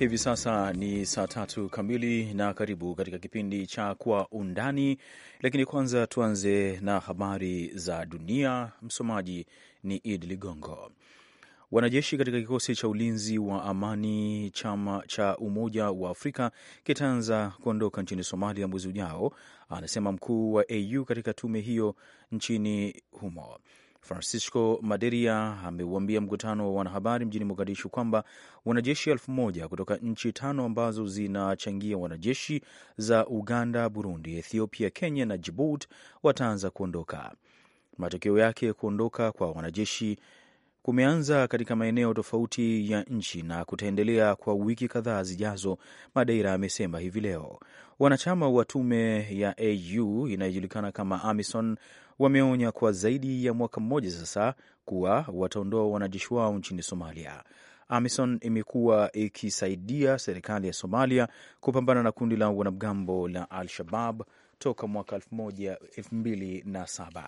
Hivi sasa ni saa tatu kamili na karibu katika kipindi cha Kwa Undani, lakini kwanza tuanze na habari za dunia. Msomaji ni Id Ligongo. Wanajeshi katika kikosi cha ulinzi wa amani chama cha Umoja wa Afrika kitaanza kuondoka nchini Somalia mwezi ujao, anasema mkuu wa AU katika tume hiyo nchini humo. Francisco Maderia ameuambia mkutano wa wanahabari mjini Mogadishu kwamba wanajeshi elfu moja kutoka nchi tano ambazo zinachangia wanajeshi za Uganda, Burundi, Ethiopia, Kenya na Djibouti wataanza kuondoka. Matokeo yake kuondoka kwa wanajeshi kumeanza katika maeneo tofauti ya nchi na kutaendelea kwa wiki kadhaa zijazo, Madeira amesema hivi leo. Wanachama wa tume ya AU inayojulikana kama AMISON wameonya kwa zaidi ya mwaka mmoja sasa kuwa wataondoa wanajeshi wao nchini Somalia. AMISON imekuwa ikisaidia serikali ya Somalia kupambana na kundi la wanamgambo la Al-Shabab toka mwaka 2007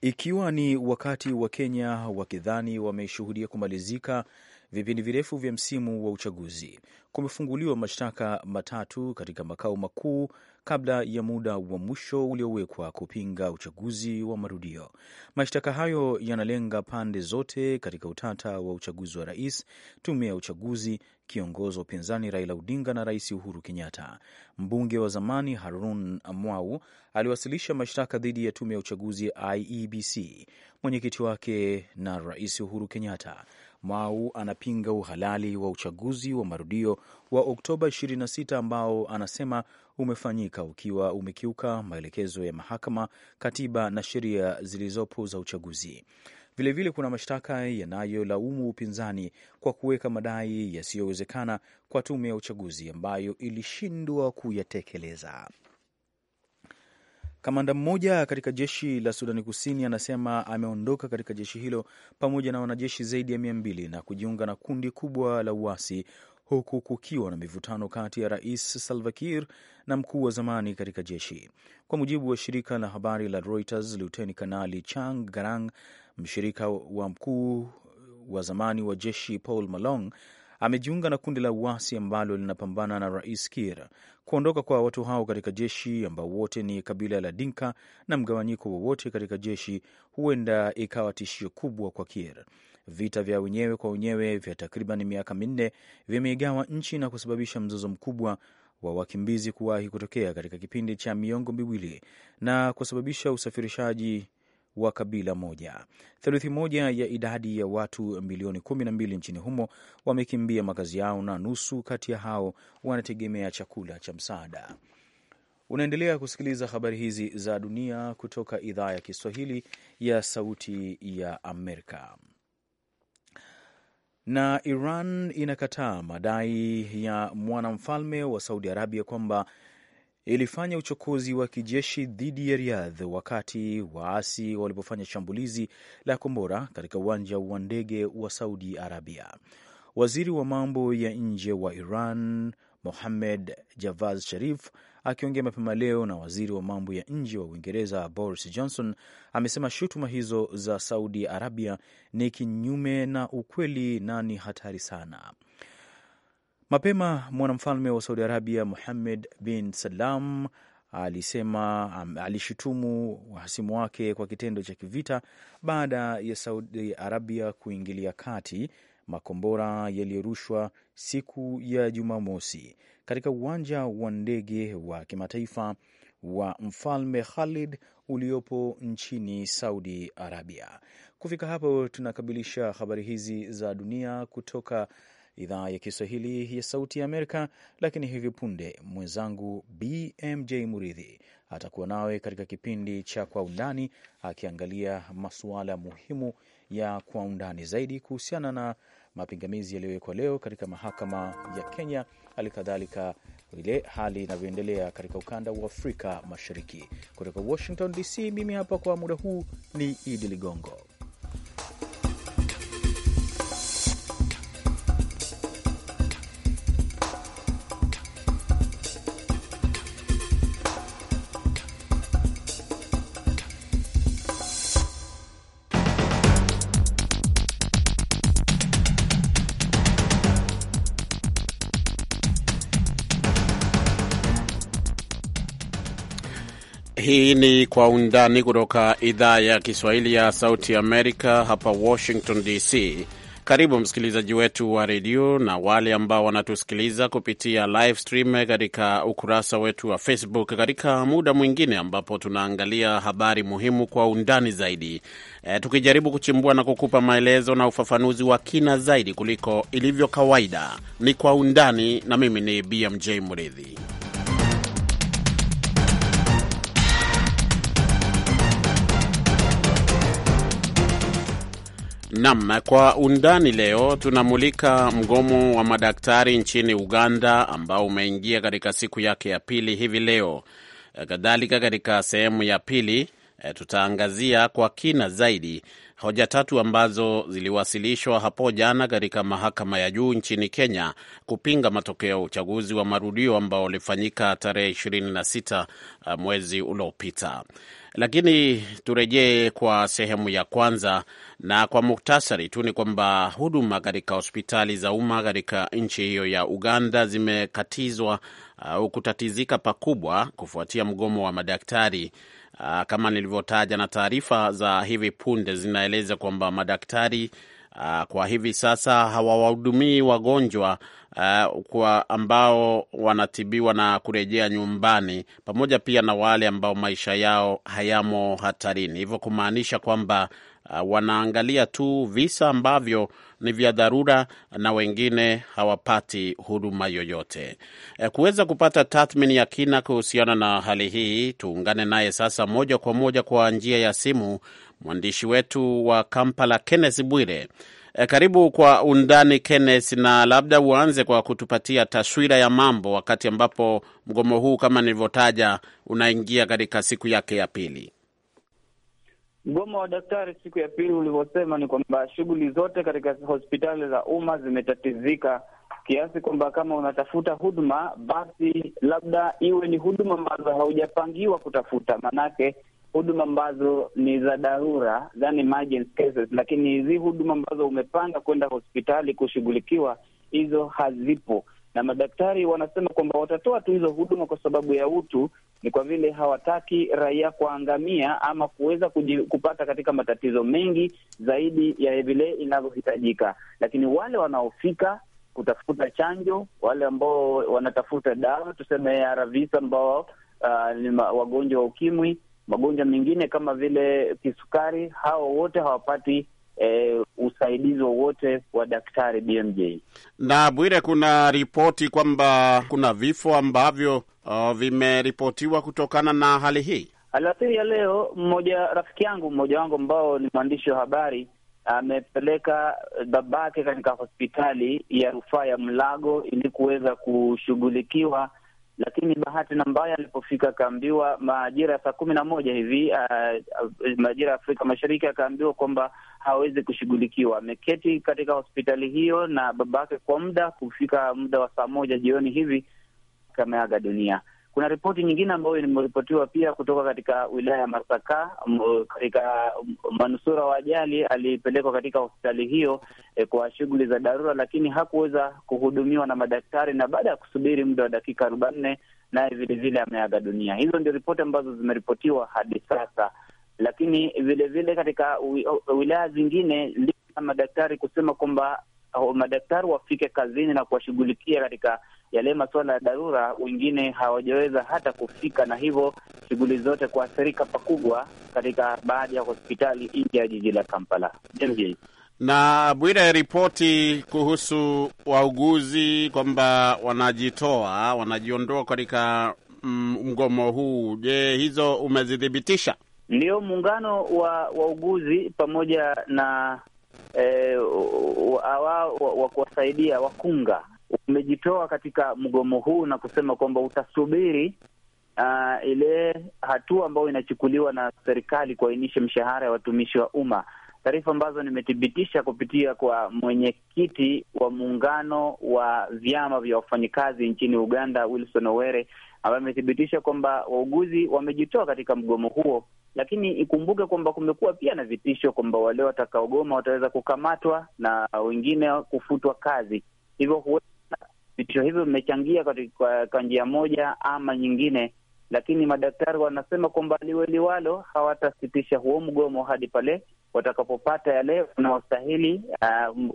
ikiwa ni wakati wa Kenya wakidhani wameshuhudia kumalizika vipindi virefu vya msimu wa uchaguzi. Kumefunguliwa mashtaka matatu katika makao makuu kabla ya muda wa mwisho uliowekwa kupinga uchaguzi wa marudio. Mashtaka hayo yanalenga pande zote katika utata wa uchaguzi wa rais, tume ya uchaguzi, kiongozi wa upinzani Raila Odinga na Rais Uhuru Kenyatta. Mbunge wa zamani Harun Mwau aliwasilisha mashtaka dhidi ya tume ya uchaguzi IEBC, mwenyekiti wake na Rais Uhuru Kenyatta Mau anapinga uhalali wa uchaguzi wa marudio wa Oktoba 26 ambao anasema umefanyika ukiwa umekiuka maelekezo ya mahakama, katiba na sheria zilizopo za uchaguzi. Vilevile vile kuna mashtaka yanayolaumu upinzani kwa kuweka madai yasiyowezekana kwa tume ya uchaguzi ambayo ilishindwa kuyatekeleza. Kamanda mmoja katika jeshi la Sudani Kusini anasema ameondoka katika jeshi hilo pamoja na wanajeshi zaidi ya mia mbili na kujiunga na kundi kubwa la uasi huku kukiwa na mivutano kati ya Rais Salva Kiir na mkuu wa zamani katika jeshi. Kwa mujibu wa shirika la habari la Reuters, Luteni Kanali Chang Garang, mshirika wa mkuu wa zamani wa jeshi Paul Malong, amejiunga na kundi la uasi ambalo linapambana na Rais Kiir. Kuondoka kwa watu hao katika jeshi ambao wote ni kabila la Dinka na mgawanyiko wowote katika jeshi huenda ikawa tishio kubwa kwa Kiir. Vita vya wenyewe kwa wenyewe vya takriban miaka minne vimeigawa nchi na kusababisha mzozo mkubwa wa wakimbizi kuwahi kutokea katika kipindi cha miongo miwili na kusababisha usafirishaji wa kabila moja. Theluthi moja ya idadi ya watu milioni kumi na mbili nchini humo wamekimbia makazi yao na nusu kati ya hao wanategemea chakula cha msaada. Unaendelea kusikiliza habari hizi za dunia kutoka idhaa ya Kiswahili ya Sauti ya Amerika. Na Iran inakataa madai ya mwanamfalme wa Saudi Arabia kwamba ilifanya uchokozi wa kijeshi dhidi ya Riyadh wakati waasi walipofanya shambulizi la kombora katika uwanja wa ndege wa Saudi Arabia. Waziri wa mambo ya nje wa Iran Mohamed Javad Sharif akiongea mapema leo na waziri wa mambo ya nje wa Uingereza Boris Johnson amesema shutuma hizo za Saudi Arabia ni kinyume na ukweli na ni hatari sana. Mapema mwanamfalme wa Saudi Arabia Muhammad bin Salam alisema um, alishutumu wahasimu wake kwa kitendo cha kivita baada ya Saudi Arabia kuingilia kati makombora yaliyorushwa siku ya Jumamosi katika uwanja wa ndege wa kimataifa wa Mfalme Khalid uliopo nchini Saudi Arabia. Kufika hapo tunakamilisha habari hizi za dunia kutoka idhaa ya Kiswahili ya Sauti ya Amerika. Lakini hivi punde mwenzangu BMJ Muridhi atakuwa nawe katika kipindi cha Kwa Undani, akiangalia masuala muhimu ya kwa undani zaidi kuhusiana na mapingamizi yaliyowekwa leo katika mahakama ya Kenya, hali kadhalika ile hali inavyoendelea katika ukanda wa Afrika Mashariki. Kutoka Washington DC, mimi hapa kwa muda huu ni Idi Ligongo. ni Kwa Undani kutoka idhaa ya Kiswahili ya Sauti Amerika hapa Washington DC. Karibu msikilizaji wetu wa redio na wale ambao wanatusikiliza kupitia live stream katika ukurasa wetu wa Facebook, katika muda mwingine ambapo tunaangalia habari muhimu kwa undani zaidi, e, tukijaribu kuchimbua na kukupa maelezo na ufafanuzi wa kina zaidi kuliko ilivyo kawaida. Ni Kwa Undani na mimi ni BMJ Mridhi. Nam, kwa undani leo tunamulika mgomo wa madaktari nchini Uganda ambao umeingia katika siku yake ya pili hivi leo. Eh, kadhalika, katika sehemu ya pili eh, tutaangazia kwa kina zaidi hoja tatu ambazo ziliwasilishwa hapo jana katika mahakama ya juu nchini Kenya kupinga matokeo ya uchaguzi wa marudio ambao ulifanyika tarehe 26 eh, mwezi uliopita. Lakini turejee kwa sehemu ya kwanza, na kwa muktasari tu ni kwamba huduma katika hospitali za umma katika nchi hiyo ya Uganda zimekatizwa au kutatizika pakubwa kufuatia mgomo wa madaktari. Ah, kama nilivyotaja, na taarifa za hivi punde zinaeleza kwamba madaktari uh, kwa hivi sasa hawawahudumii wagonjwa uh, kwa ambao wanatibiwa na kurejea nyumbani, pamoja pia na wale ambao maisha yao hayamo hatarini, hivyo kumaanisha kwamba Uh, wanaangalia tu visa ambavyo ni vya dharura na wengine hawapati huduma yoyote. E, kuweza kupata tathmini ya kina kuhusiana na hali hii, tuungane naye sasa moja kwa moja kwa njia ya simu mwandishi wetu wa Kampala Kenneth Bwire. E, karibu kwa undani Kenneth, na labda uanze kwa kutupatia taswira ya mambo wakati ambapo mgomo huu kama nilivyotaja unaingia katika siku yake ya pili. Mgomo wa daktari siku ya pili ulivyosema ni kwamba shughuli zote katika hospitali za umma zimetatizika kiasi kwamba kama unatafuta huduma basi labda iwe ni huduma ambazo haujapangiwa kutafuta, maanake huduma ambazo ni za dharura, yani emergency cases, lakini hizi huduma ambazo umepanga kwenda hospitali kushughulikiwa, hizo hazipo, na madaktari wanasema kwamba watatoa tu hizo huduma kwa sababu ya utu. Ni kwa vile hawataki raia kuangamia ama kuweza kupata katika matatizo mengi zaidi ya vile inavyohitajika, lakini wale wanaofika kutafuta chanjo, wale ambao wanatafuta dawa tuseme ARVs, ambao uh, ni wagonjwa wa ukimwi Magonjwa mengine kama vile kisukari, hao wote hawapati E, usaidizi wowote wa daktari BMJ. Na Bwire, kuna ripoti kwamba kuna vifo ambavyo uh, vimeripotiwa kutokana na hali hii. Alasiri ya leo, mmoja rafiki yangu mmoja wangu ambao ni mwandishi wa habari amepeleka babake katika hospitali ya rufaa ya Mlago ili kuweza kushughulikiwa lakini bahati na mbaya alipofika akaambiwa majira ya saa kumi na moja hivi uh, uh, majira ya Afrika Mashariki akaambiwa kwamba hawezi kushughulikiwa. Ameketi katika hospitali hiyo na babake kwa muda, kufika muda wa saa moja jioni hivi akameaga dunia. Kuna ripoti nyingine ambayo imeripotiwa pia kutoka katika wilaya ya Masaka katika manusura wa ajali alipelekwa katika hospitali hiyo eh, kwa shughuli za dharura, lakini hakuweza kuhudumiwa na madaktari, na baada ya kusubiri muda wa dakika arobaini naye vilevile ameaga dunia. Hizo ndio ripoti ambazo zimeripotiwa hadi sasa, lakini vilevile vile katika wilaya zingine madaktari kusema kwamba madaktari wafike kazini na kuwashughulikia katika yale masuala ya dharura, wengine hawajaweza hata kufika, na hivyo shughuli zote kuathirika pakubwa katika baadhi ya hospitali nje ya jiji la Kampala. na na Bwire, ripoti kuhusu wauguzi kwamba wanajitoa, wanajiondoa katika mm, mgomo huu, je, hizo umezithibitisha? Ndio, muungano wa wauguzi pamoja na eh, wao wa kuwasaidia wakunga umejitoa katika mgomo huu na kusema kwamba utasubiri uh, ile hatua ambayo inachukuliwa na serikali kuainisha mshahara ya watumishi wa umma, taarifa ambazo nimethibitisha kupitia kwa mwenyekiti wa muungano wa vyama vya wafanyikazi nchini Uganda, Wilson Owere, ambaye amethibitisha kwamba wauguzi wamejitoa katika mgomo huo lakini ikumbuke kwamba kumekuwa pia na vitisho kwamba wale watakaogoma wataweza kukamatwa na wengine kufutwa kazi, hivyo huenda vitisho hivyo vimechangia kwa njia moja ama nyingine, lakini madaktari wanasema kwamba liweliwalo hawatasitisha huo mgomo hadi pale watakapopata yale wanaostahili.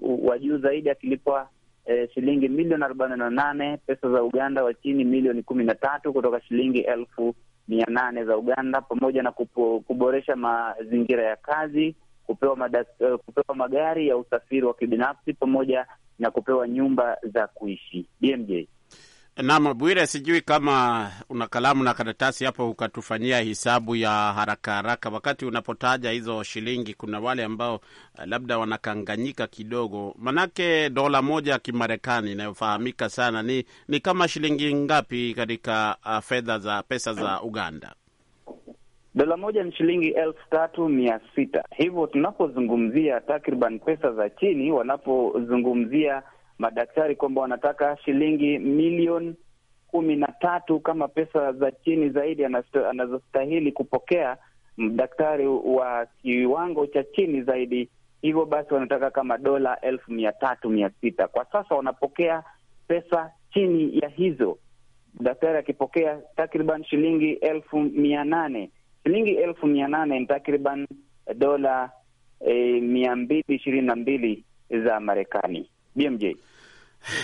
Uh, juu zaidi akilipwa eh, shilingi milioni arobaini na nane pesa za Uganda wa chini milioni kumi na tatu kutoka shilingi elfu mia nane za Uganda pamoja na kupo, kuboresha mazingira ya kazi, kupewa, madas, uh, eh, kupewa magari ya usafiri wa kibinafsi pamoja na kupewa nyumba za kuishi. BMJ Nam Bwire, sijui kama una kalamu na karatasi hapo ukatufanyia hisabu ya haraka haraka. Wakati unapotaja hizo shilingi, kuna wale ambao eh, labda wanakanganyika kidogo, manake dola moja ya Kimarekani inayofahamika sana ni ni kama shilingi ngapi katika eh, fedha za pesa za Uganda? Dola moja ni shilingi elfu tatu mia sita. Hivyo tunapozungumzia takriban pesa za chini, wanapozungumzia madaktari kwamba wanataka shilingi milioni kumi na tatu kama pesa za chini zaidi anazostahili kupokea daktari wa kiwango cha chini zaidi. Hivyo basi wanataka kama dola elfu mia tatu mia sita Kwa sasa wanapokea pesa chini ya hizo, daktari akipokea takriban shilingi elfu mia nane Shilingi elfu mia nane ni takriban dola e, mia mbili ishirini na mbili za Marekani. BMJ.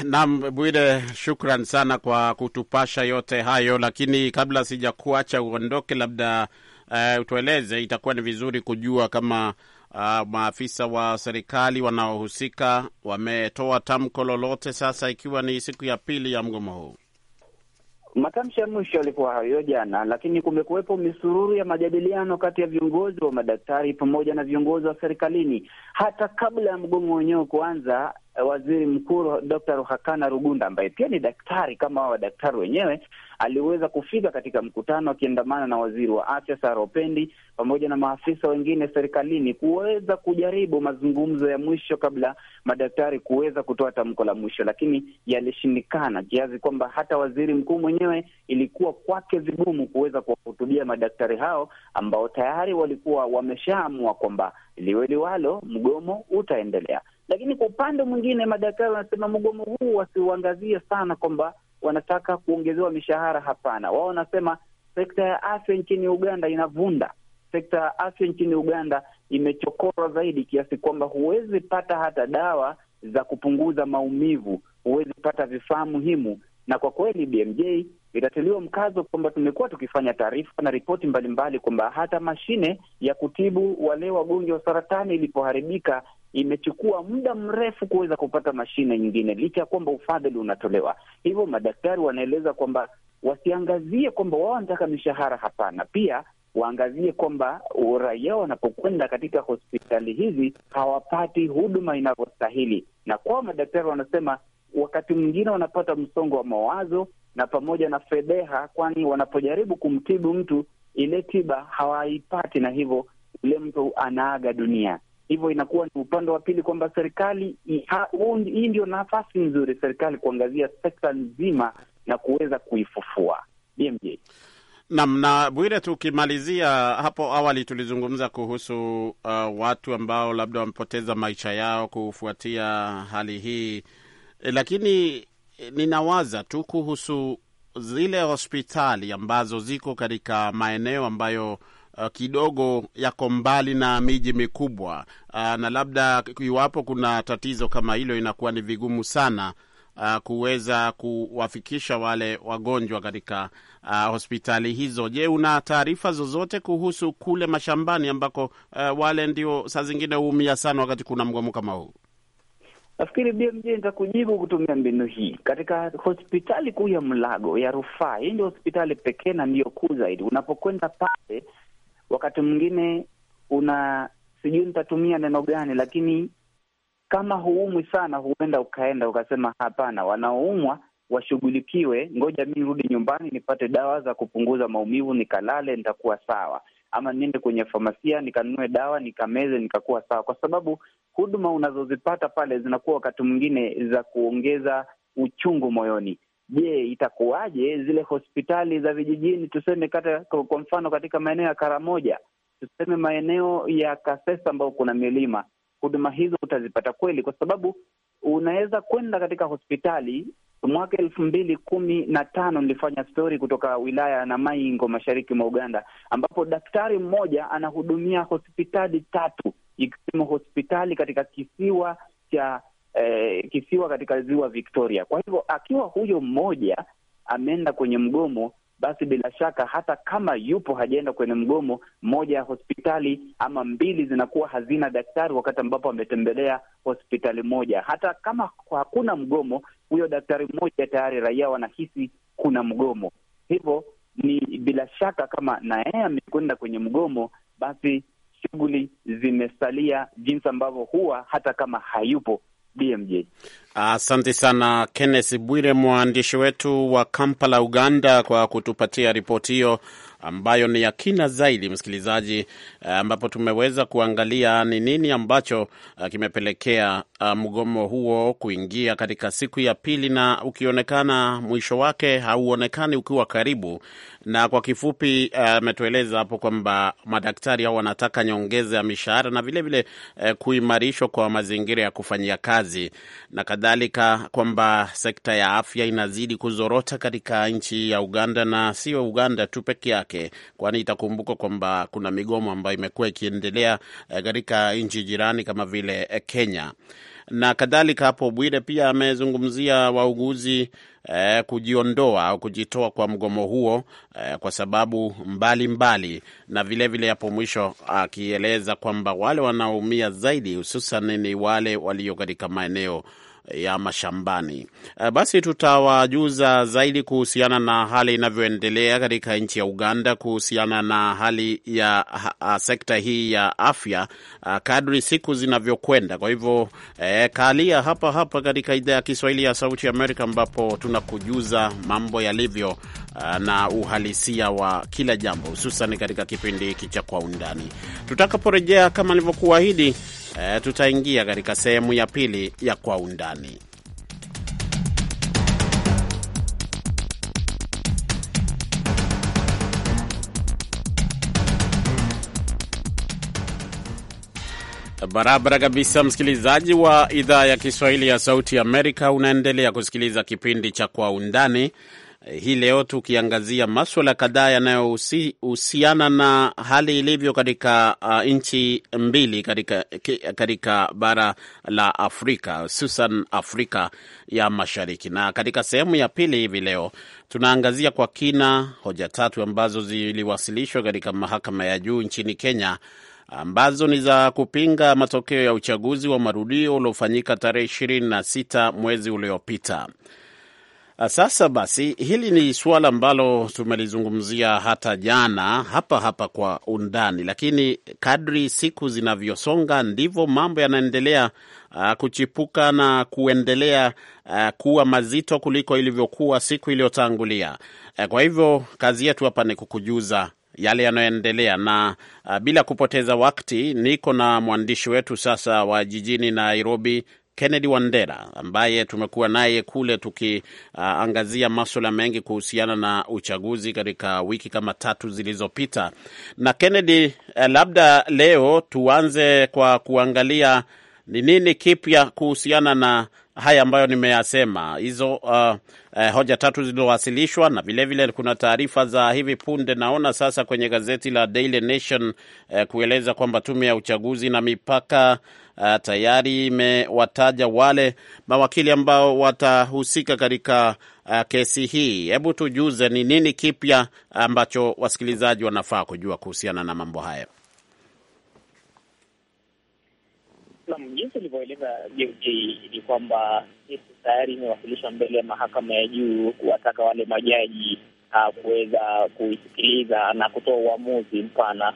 Naam, Bwire, shukran sana kwa kutupasha yote hayo, lakini kabla sijakuacha uondoke, labda uh, utueleze, itakuwa ni vizuri kujua kama uh, maafisa wa serikali wanaohusika wametoa tamko lolote, sasa ikiwa ni siku ya pili ya mgomo huu. Matamshi ya mwisho yalikuwa hayo jana, lakini kumekuwepo misururu ya majadiliano kati ya viongozi wa madaktari pamoja na viongozi wa serikalini hata kabla ya mgomo wenyewe kuanza. Eh, waziri mkuu Dr. Ruhakana Rugunda ambaye pia ni daktari kama wa daktari wenyewe aliweza kufika katika mkutano akiandamana na waziri wa afya Sara Opendi pamoja na maafisa wengine serikalini kuweza kujaribu mazungumzo ya mwisho kabla madaktari kuweza kutoa tamko la mwisho, lakini yalishindikana kiasi kwamba hata waziri mkuu mwenyewe ilikuwa kwake vigumu kuweza kuwahutubia madaktari hao ambao tayari walikuwa wameshaamua kwamba liwe liwalo, mgomo utaendelea. Lakini kwa upande mwingine, madaktari wanasema mgomo huu wasiuangazie sana kwamba wanataka kuongezewa mishahara. Hapana, wao wanasema sekta ya afya nchini Uganda inavunda. Sekta ya afya nchini Uganda imechokorwa zaidi kiasi kwamba huwezi pata hata dawa za kupunguza maumivu, huwezi pata vifaa muhimu. Na kwa kweli BMJ itatiliwa mkazo kwamba tumekuwa tukifanya taarifa na ripoti mbalimbali kwamba hata mashine ya kutibu wale wagonjwa wa saratani ilipoharibika imechukua muda mrefu kuweza kupata mashine nyingine, licha ya kwamba ufadhili unatolewa. Hivyo madaktari wanaeleza kwamba wasiangazie kwamba wao wanataka mishahara, hapana. Pia waangazie kwamba raia wanapokwenda katika hospitali hizi hawapati huduma inavyostahili, na kwao madaktari wanasema wakati mwingine wanapata msongo wa mawazo na pamoja na fedheha, kwani wanapojaribu kumtibu mtu ile tiba hawaipati, na hivyo ule mtu anaaga dunia. Hivyo inakuwa ni upande wa pili kwamba serikali, hii ndio nafasi nzuri serikali kuangazia sekta nzima na kuweza kuifufua. BMJ Nam na Bwire, tukimalizia hapo awali tulizungumza kuhusu uh, watu ambao labda wamepoteza maisha yao kufuatia hali hii e, lakini eh, ninawaza tu kuhusu zile hospitali ambazo ziko katika maeneo ambayo uh, kidogo yako mbali na miji mikubwa uh, na labda iwapo kuna tatizo kama hilo, inakuwa ni vigumu sana uh, kuweza kuwafikisha wale wagonjwa katika uh, hospitali hizo. Je, una taarifa zozote kuhusu kule mashambani ambako uh, wale ndio saa zingine huumia sana wakati kuna mgomo kama huu? Nafikiri BMJ nitakujibu kutumia mbinu hii. Katika hospitali kuu ya Mlago ya rufaa, hii ndio hospitali pekee na ndiyo kuu zaidi. Unapokwenda pale wakati mwingine una sijui nitatumia neno gani, lakini kama huumwi sana, huenda ukaenda ukasema hapana, wanaoumwa washughulikiwe, ngoja mi nirudi nyumbani nipate dawa za kupunguza maumivu, nikalale, nitakuwa sawa, ama niende kwenye famasia nikanunue dawa nikameze, nikakuwa sawa, kwa sababu huduma unazozipata pale zinakuwa wakati mwingine za kuongeza uchungu moyoni. Je, itakuwaje zile hospitali za vijijini, tuseme kata, kwa mfano katika maeneo ya Karamoja, tuseme maeneo ya Kasesa ambayo kuna milima, huduma hizo utazipata kweli? Kwa sababu unaweza kwenda katika hospitali. Mwaka elfu mbili kumi na tano nilifanya stori kutoka wilaya ya Namaingo mashariki mwa Uganda, ambapo daktari mmoja anahudumia hospitali tatu ikiwemo hospitali katika kisiwa cha eh, kisiwa katika ziwa Victoria. Kwa hivyo akiwa huyo mmoja ameenda kwenye mgomo basi bila shaka hata kama yupo hajaenda kwenye mgomo, moja ya hospitali ama mbili zinakuwa hazina daktari wakati ambapo ametembelea hospitali moja. Hata kama hakuna mgomo, huyo daktari mmoja tayari raia wanahisi kuna mgomo. Hivyo ni bila shaka kama na yeye amekwenda kwenye mgomo, basi shughuli zimesalia jinsi ambavyo huwa hata kama hayupo. BMJ. Asante sana Kenneth Bwire, mwandishi wetu wa Kampala, Uganda, kwa kutupatia ripoti hiyo ambayo ni ya kina zaidi, msikilizaji, eh, ambapo tumeweza kuangalia ni nini ambacho eh, kimepelekea eh, mgomo huo kuingia katika siku ya pili, na ukionekana mwisho wake hauonekani ukiwa karibu, na kwa kifupi eh, ametueleza uh, hapo kwamba madaktari hao wanataka nyongeza ya mishahara na vilevile uh, eh, kuimarishwa kwa mazingira ya kufanyia kazi na kadhalika, kwamba sekta ya afya inazidi kuzorota katika nchi ya Uganda na sio Uganda tu peke yake, kwani itakumbuka kwamba kuna migomo ambayo imekuwa ikiendelea eh, katika nchi jirani kama vile Kenya na kadhalika. Hapo Bwire pia amezungumzia wauguzi eh, kujiondoa au kujitoa kwa mgomo huo eh, kwa sababu mbalimbali mbali. Na vilevile hapo vile mwisho akieleza kwamba wale wanaoumia zaidi hususan ni wale walio katika maeneo ya mashambani. Eh, basi tutawajuza zaidi kuhusiana na hali inavyoendelea katika nchi ya Uganda kuhusiana na hali ya ha, sekta hii ya afya kadri siku zinavyokwenda. Kwa hivyo eh, kaalia hapa hapa katika idhaa ya Kiswahili ya Sauti Amerika ambapo tunakujuza mambo yalivyo na uhalisia wa kila jambo, hususan katika kipindi hiki cha Kwa Undani tutakaporejea kama nilivyokuahidi e, tutaingia katika sehemu ya pili ya kwa undani. Barabara kabisa, msikilizaji wa idhaa ya Kiswahili ya Sauti Amerika, unaendelea kusikiliza kipindi cha Kwa Undani Eh, hii leo tukiangazia maswala kadhaa yanayohusiana na hali ilivyo katika uh, nchi mbili katika, katika bara la Afrika hususan Afrika ya Mashariki. Na katika sehemu ya pili hivi leo tunaangazia kwa kina hoja tatu ambazo ziliwasilishwa katika mahakama ya juu nchini Kenya ambazo ni za kupinga matokeo ya uchaguzi wa marudio uliofanyika tarehe 26 mwezi uliopita. Ah, sasa basi, hili ni suala ambalo tumelizungumzia hata jana hapa hapa kwa undani, lakini kadri siku zinavyosonga ndivyo mambo yanaendelea uh, kuchipuka na kuendelea uh, kuwa mazito kuliko ilivyokuwa siku iliyotangulia. Uh, kwa hivyo kazi yetu hapa ni kukujuza yale yanayoendelea na uh, bila kupoteza wakati niko na mwandishi wetu sasa wa jijini Nairobi, Kennedy Wandera ambaye tumekuwa naye kule tukiangazia uh, maswala mengi kuhusiana na uchaguzi katika wiki kama tatu zilizopita. Na Kennedy, uh, labda leo tuanze kwa kuangalia ni nini kipya kuhusiana na haya ambayo nimeyasema, hizo uh, uh, hoja tatu zilizowasilishwa, na vilevile kuna taarifa za hivi punde naona sasa kwenye gazeti la Daily Nation uh, kueleza kwamba tume ya uchaguzi na mipaka uh, tayari imewataja wale mawakili ambao watahusika katika uh, kesi hii. Hebu tujuze ni nini kipya ambacho wasikilizaji wanafaa kujua kuhusiana na mambo haya. Jinsi ilivyoeleza BMJ ni kwamba kesi tayari imewasilishwa mbele ya mahakama ya juu kuwataka wale majaji uh, kuweza kuisikiliza na kutoa uamuzi mpana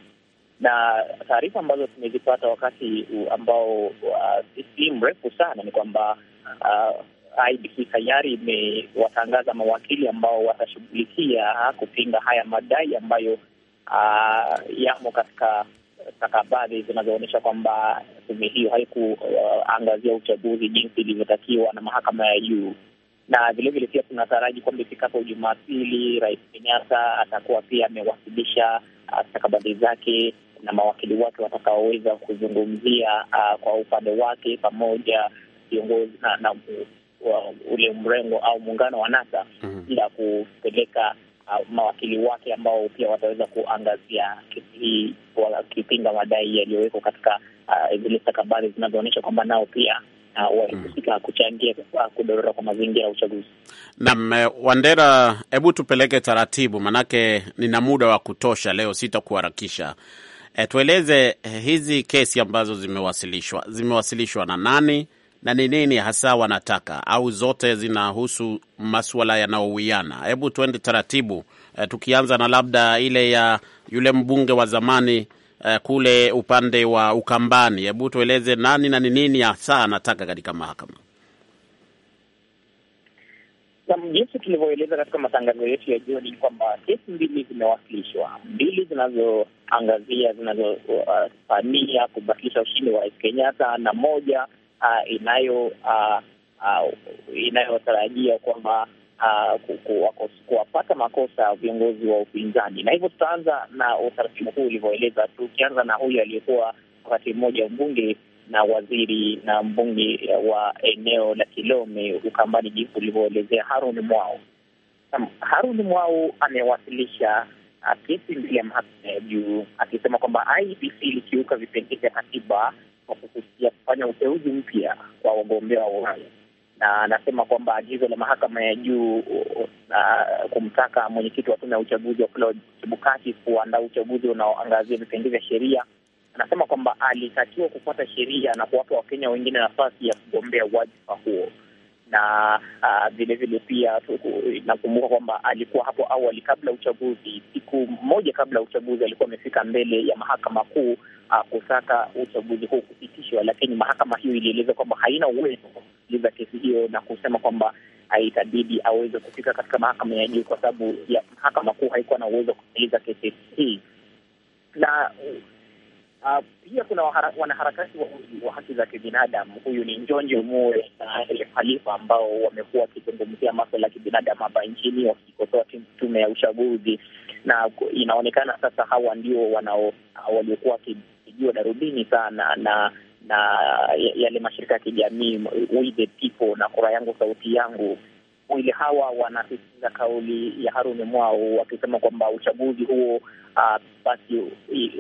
na taarifa ambazo tumezipata wakati ambao uh, si mrefu sana ni kwamba uh, IBC tayari imewatangaza mawakili ambao watashughulikia kupinga haya madai ambayo uh, yamo katika stakabadhi zinazoonyesha kwamba tume hiyo haikuangazia uh, uchaguzi jinsi ilivyotakiwa na mahakama ya juu. Na vilevile pia tunataraji kwamba ifikapo Jumapili Rais Kenyatta atakuwa pia amewasilisha uh, stakabadhi zake na mawakili wake watakaoweza kuzungumzia uh, kwa upande wake pamoja viongozi na, na uh, ule mrengo au muungano wa NASA mm -hmm. ila kupeleka uh, mawakili wake ambao pia wataweza kuangazia kesi hii wakipinga madai yaliyowekwa katika uh, zile zinazoonyesha kwamba nao pia uh, wahusika mm. kuchangia uh, kudorora kwa mazingira ya uchaguzi. Naam, eh, Wandera, hebu tupeleke taratibu, manake nina muda wa kutosha leo, sitakuharakisha. E, tueleze eh, hizi kesi ambazo zimewasilishwa, zimewasilishwa na nani na ni nini hasa wanataka, au zote zinahusu maswala yanayowiana? Hebu tuende taratibu, e, tukianza na labda ile ya yule mbunge wa zamani e, kule upande wa Ukambani. Hebu tueleze nani na ni nini hasa anataka katika mahakama. Nam, jinsi tulivyoeleza katika matangazo yetu ya jioni ni kwamba kesi mbili zimewasilishwa, mbili zinazoangazia zinazofania uh, kubatilisha ushindi wa Rais Kenyatta na moja uh, inayo uh, uh, inayotarajia kwamba uh, kuwapata makosa viongozi wa upinzani, na hivyo tutaanza na utaratibu huu ulivyoeleza, tukianza na huyu aliyekuwa wakati mmoja mbunge na waziri na mbunge wa eneo la Kilome Ukambani, jinsi ulivyoelezea Harun Mwau. Harun Mwau amewasilisha kesi mbele ya mahakama ya juu akisema kwamba ibc ilikiuka vipengee vya katiba kwa kususia kufanya uteuzi mpya kwa wagombea wa urais, na anasema kwamba agizo la mahakama ya juu uh, kumtaka mwenyekiti wa tume ya uchaguzi wa Wafula Chebukati kuandaa uchaguzi unaoangazia vipengee vya sheria anasema kwamba alitakiwa kufuata sheria na kuwapa Wakenya wengine nafasi ya kugombea wadhifa huo na vilevile uh, pia nakumbuka kwamba alikuwa hapo awali kabla uchaguzi, siku moja kabla uchaguzi, alikuwa amefika mbele ya mahakama kuu uh, kusaka uchaguzi huu kupitishwa, lakini mahakama hiyo ilieleza kwamba haina uwezo kusikiliza kesi hiyo na kusema kwamba itabidi aweze kufika katika mahakama ya juu kwa sababu ya mahakama kuu haikuwa na uwezo wa kusikiliza kesi hii na uh, Ah, pia kuna wanaharakati wa, wa haki za kibinadamu, huyu ni Njonjo Mue na Ele Khalifa ambao wamekuwa wakizungumzia maswala ya kibinadamu hapa nchini wakikosoa tume ya uchaguzi, na inaonekana sasa hawa ndio wanao waliokuwa wakipigiwa darubini sana na na yale mashirika ya kijamii We the People na kura yangu sauti yangu wawili hawa wanasisitiza kauli ya Haruni Mwau wakisema kwamba uchaguzi huo uh, basi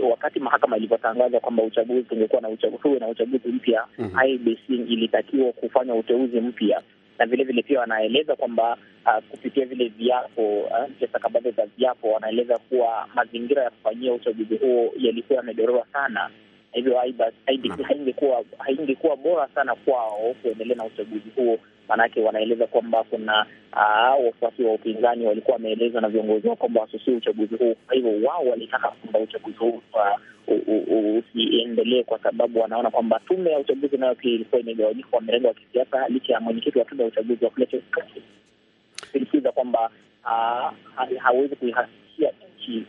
wakati mahakama ilivyotangaza kwamba uchaguzi ungekuwa na uchaguzi na uchaguzi mpya mm -hmm. IBC ilitakiwa kufanya uteuzi mpya na vile vile pia wanaeleza kwamba uh, kupitia vile viapo uh, stakabadhi za viapo, wanaeleza kuwa mazingira ya kufanyia uchaguzi huo yalikuwa yamedorora sana hivyo haingekuwa haingekuwa bora sana kwao kuendelea na uchaguzi huo, maanake wanaeleza kwamba kuna uh, wafuasi wa upinzani walikuwa wameelezwa na viongozi wao kwamba wasusie uchaguzi huu. Kwa hivyo wao walitaka kwamba uchaguzi huu ah, usiendelee, kwa sababu wanaona kwamba tume ya uchaguzi nayo pia ilikuwa imegawanyika kwa mrengo wa kisiasa, licha ya mwenyekiti wa tume ya uchaguzi wa kule sisitiza kwamba ah, hawezi kuihakikishia nchi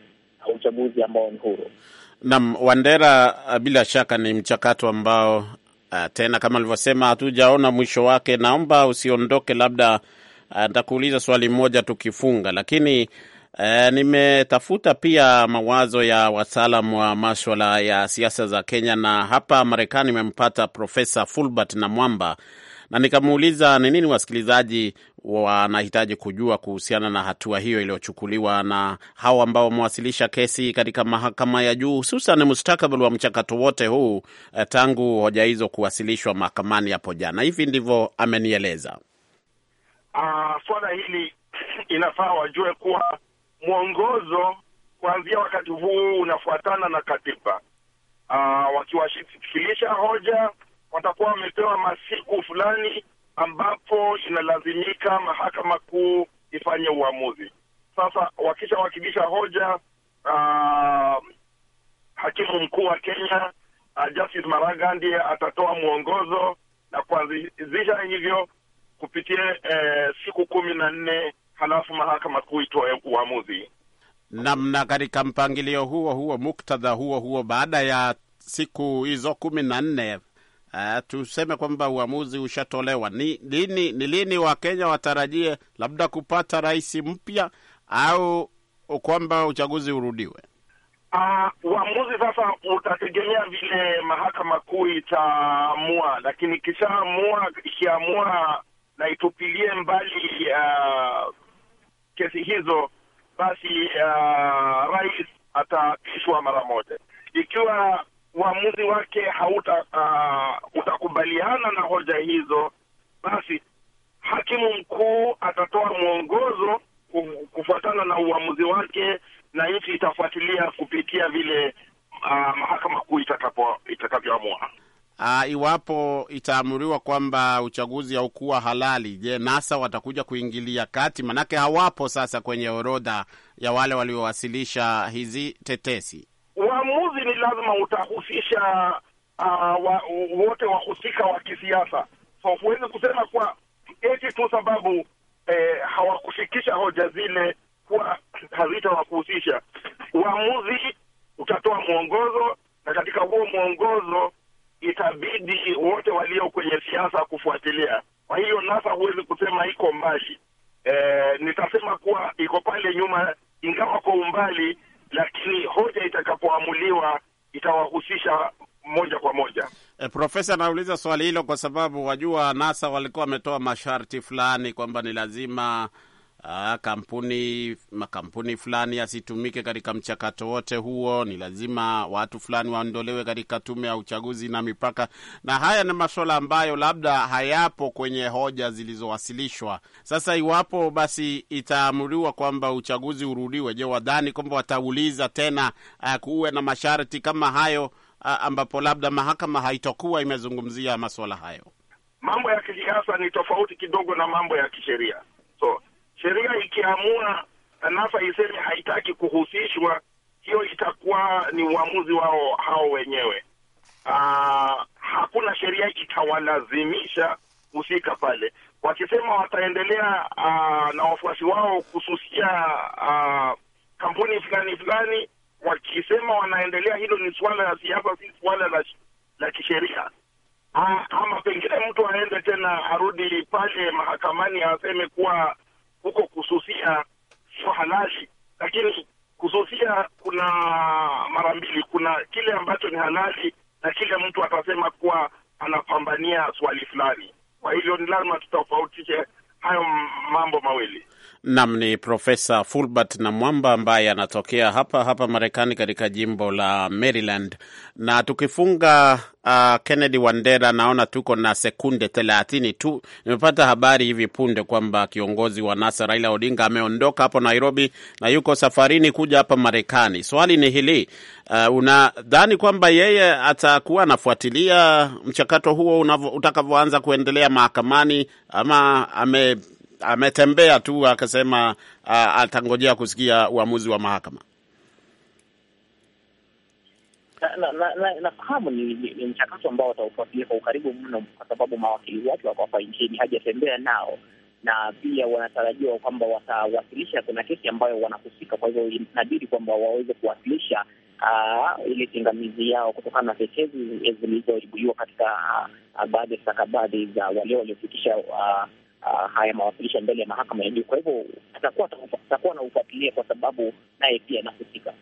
uchaguzi ambao ni huru nam Wandera, uh, bila shaka ni mchakato ambao uh, tena kama alivyosema hatujaona mwisho wake. Naomba usiondoke, labda uh, nitakuuliza uh, swali moja tukifunga, lakini uh, nimetafuta pia mawazo ya wataalam wa maswala ya siasa za Kenya na hapa Marekani imempata Profesa Fulbert na Mwamba na nikamuuliza ni nini wasikilizaji wanahitaji kujua kuhusiana na hatua hiyo iliyochukuliwa na hao ambao wamewasilisha kesi katika mahakama ya juu, hususan mustakabali wa mchakato wote huu eh, tangu hoja hizo kuwasilishwa mahakamani hapo jana. Hivi ndivyo amenieleza. Uh, swala hili inafaa wajue kuwa mwongozo kuanzia wakati huu unafuatana na katiba. Uh, wakiwasilisha hoja watakuwa wamepewa masiku fulani ambapo inalazimika mahakama kuu ifanye uamuzi. Sasa wakishawakilisha hoja uh, hakimu mkuu wa Kenya uh, Justice Maraga ndiye atatoa mwongozo na kuanzisha hivyo kupitia eh, siku kumi na nne halafu mahakama kuu itoe uamuzi namna. Katika mpangilio huo huo, muktadha huo huo, baada ya siku hizo kumi na nne Uh, tuseme kwamba uamuzi ushatolewa. Ni lini, ni lini Wakenya watarajie labda kupata rais mpya au kwamba uchaguzi urudiwe? Uh, uamuzi sasa utategemea vile mahakama kuu itaamua, lakini ikishaamua, ikiamua na itupilie mbali uh, kesi hizo, basi uh, rais ataapishwa mara moja ikiwa uamuzi wake hauta uh, utakubaliana na hoja hizo, basi hakimu mkuu atatoa mwongozo kufuatana na uamuzi wake, na nchi itafuatilia kupitia vile uh, mahakama kuu itakavyoamua. Uh, iwapo itaamuriwa kwamba uchaguzi haukuwa halali, je, NASA watakuja kuingilia kati? Manake hawapo sasa kwenye orodha ya wale waliowasilisha hizi tetesi uamuzi ni lazima utahusisha uh, wa, wote wahusika wa kisiasa. So huwezi kusema kuwa eti tu sababu eh, hawakushikisha hoja zile kuwa hazitawakuhusisha. Uamuzi utatoa mwongozo, na katika huo mwongozo itabidi wote walio kwenye siasa kufuatilia. Kwa hiyo NASA huwezi kusema iko mbali. Eh, nitasema kuwa iko pale nyuma, ingawa kwa umbali lakini hoja itakapoamuliwa itawahusisha moja kwa moja. E, Profesa, anauliza swali hilo kwa sababu wajua, NASA walikuwa wametoa masharti fulani kwamba ni lazima aa, ah, kampuni makampuni fulani yasitumike katika mchakato wote huo, ni lazima watu fulani waondolewe katika tume ya uchaguzi na mipaka, na haya ni masuala ambayo labda hayapo kwenye hoja zilizowasilishwa. Sasa iwapo basi itaamuriwa kwamba uchaguzi urudiwe, je, wadhani kwamba watauliza tena ah, kuwe na masharti kama hayo ah, ambapo labda mahakama haitokuwa imezungumzia masuala hayo? Mambo ya kisiasa ni tofauti kidogo na mambo ya kisheria sheria ikiamua NASA iseme haitaki kuhusishwa, hiyo itakuwa ni uamuzi wao hao wenyewe. Aa, ah, hakuna sheria itawalazimisha husika pale. Wakisema wataendelea aa, ah, na wafuasi wao kususia aa, ah, kampuni fulani fulani, wakisema wanaendelea, hilo ni suala la siasa, si suala la, la kisheria. Ama pengine mtu aende tena arudi pale mahakamani aseme kuwa huko kususia sio halali, lakini kususia kuna mara mbili, kuna kile ambacho ni halali na kile mtu atasema kuwa anapambania swali fulani. Kwa hivyo ni lazima tutofautishe hayo mambo mawili. Nam ni Profesa Fulbert na Mwamba ambaye anatokea hapa hapa Marekani, katika jimbo la Maryland. Na tukifunga uh, Kennedy Wandera, naona tuko na sekunde thelathini tu. Nimepata habari hivi punde kwamba kiongozi wa NASA Raila Odinga ameondoka hapo Nairobi na yuko safarini kuja hapa Marekani. Swali ni hili, uh, unadhani kwamba yeye atakuwa anafuatilia mchakato huo utakavyoanza kuendelea mahakamani ama ame ametembea tu akasema atangojea kusikia uamuzi wa mahakama. Nafahamu ni mchakato ambao wataufuatilia kwa ukaribu mno, kwa sababu mawakili wake wako hapa nchini, hajatembea nao, na pia wanatarajiwa kwamba watawasilisha, kuna kesi ambayo wanahusika. Kwa hivyo inabidi kwamba waweze kuwasilisha ile pingamizi yao kutokana na tetezi zilizoibuliwa katika baadhi ya stakabadhi za wale waliofikisha Uh, haya mawasilisho mbele ya mahakama ya juu. Kwa hivyo atakuwa atakuwa anaufuatilia kwa sababu naye pia anahusika,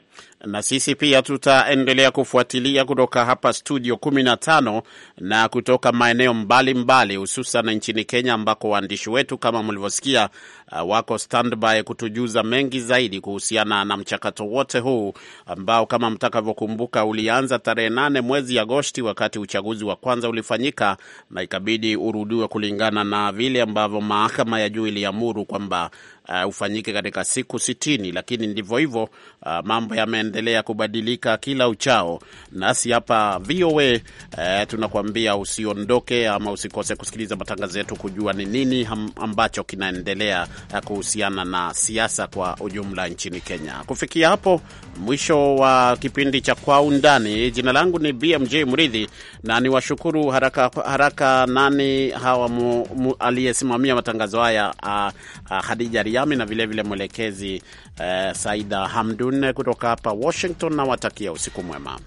na sisi pia tutaendelea kufuatilia kutoka hapa studio kumi na tano na kutoka maeneo mbalimbali, hususan nchini Kenya ambako waandishi wetu kama mlivyosikia uh, wako standby kutujuza mengi zaidi kuhusiana na mchakato wote huu ambao kama mtakavyokumbuka ulianza tarehe nane mwezi Agosti wakati uchaguzi wa kwanza ulifanyika na ikabidi urudiwe kulingana na vile ambavyo mahakama ya juu iliamuru kwamba Uh, ufanyike katika siku sitini, lakini ndivyo hivyo. Uh, mambo yameendelea kubadilika kila uchao, nasi hapa VOA uh, tunakuambia usiondoke ama usikose kusikiliza matangazo yetu kujua ni nini ambacho kinaendelea Eh, kuhusiana na siasa kwa ujumla nchini Kenya. Kufikia hapo mwisho wa kipindi cha Kwa Undani, jina langu ni BMJ Mridhi na ni washukuru haraka, haraka nani hawa aliyesimamia matangazo haya a, a, Hadija Riami na vilevile vile mwelekezi eh, Saida Hamdun kutoka hapa Washington na watakia usiku mwema.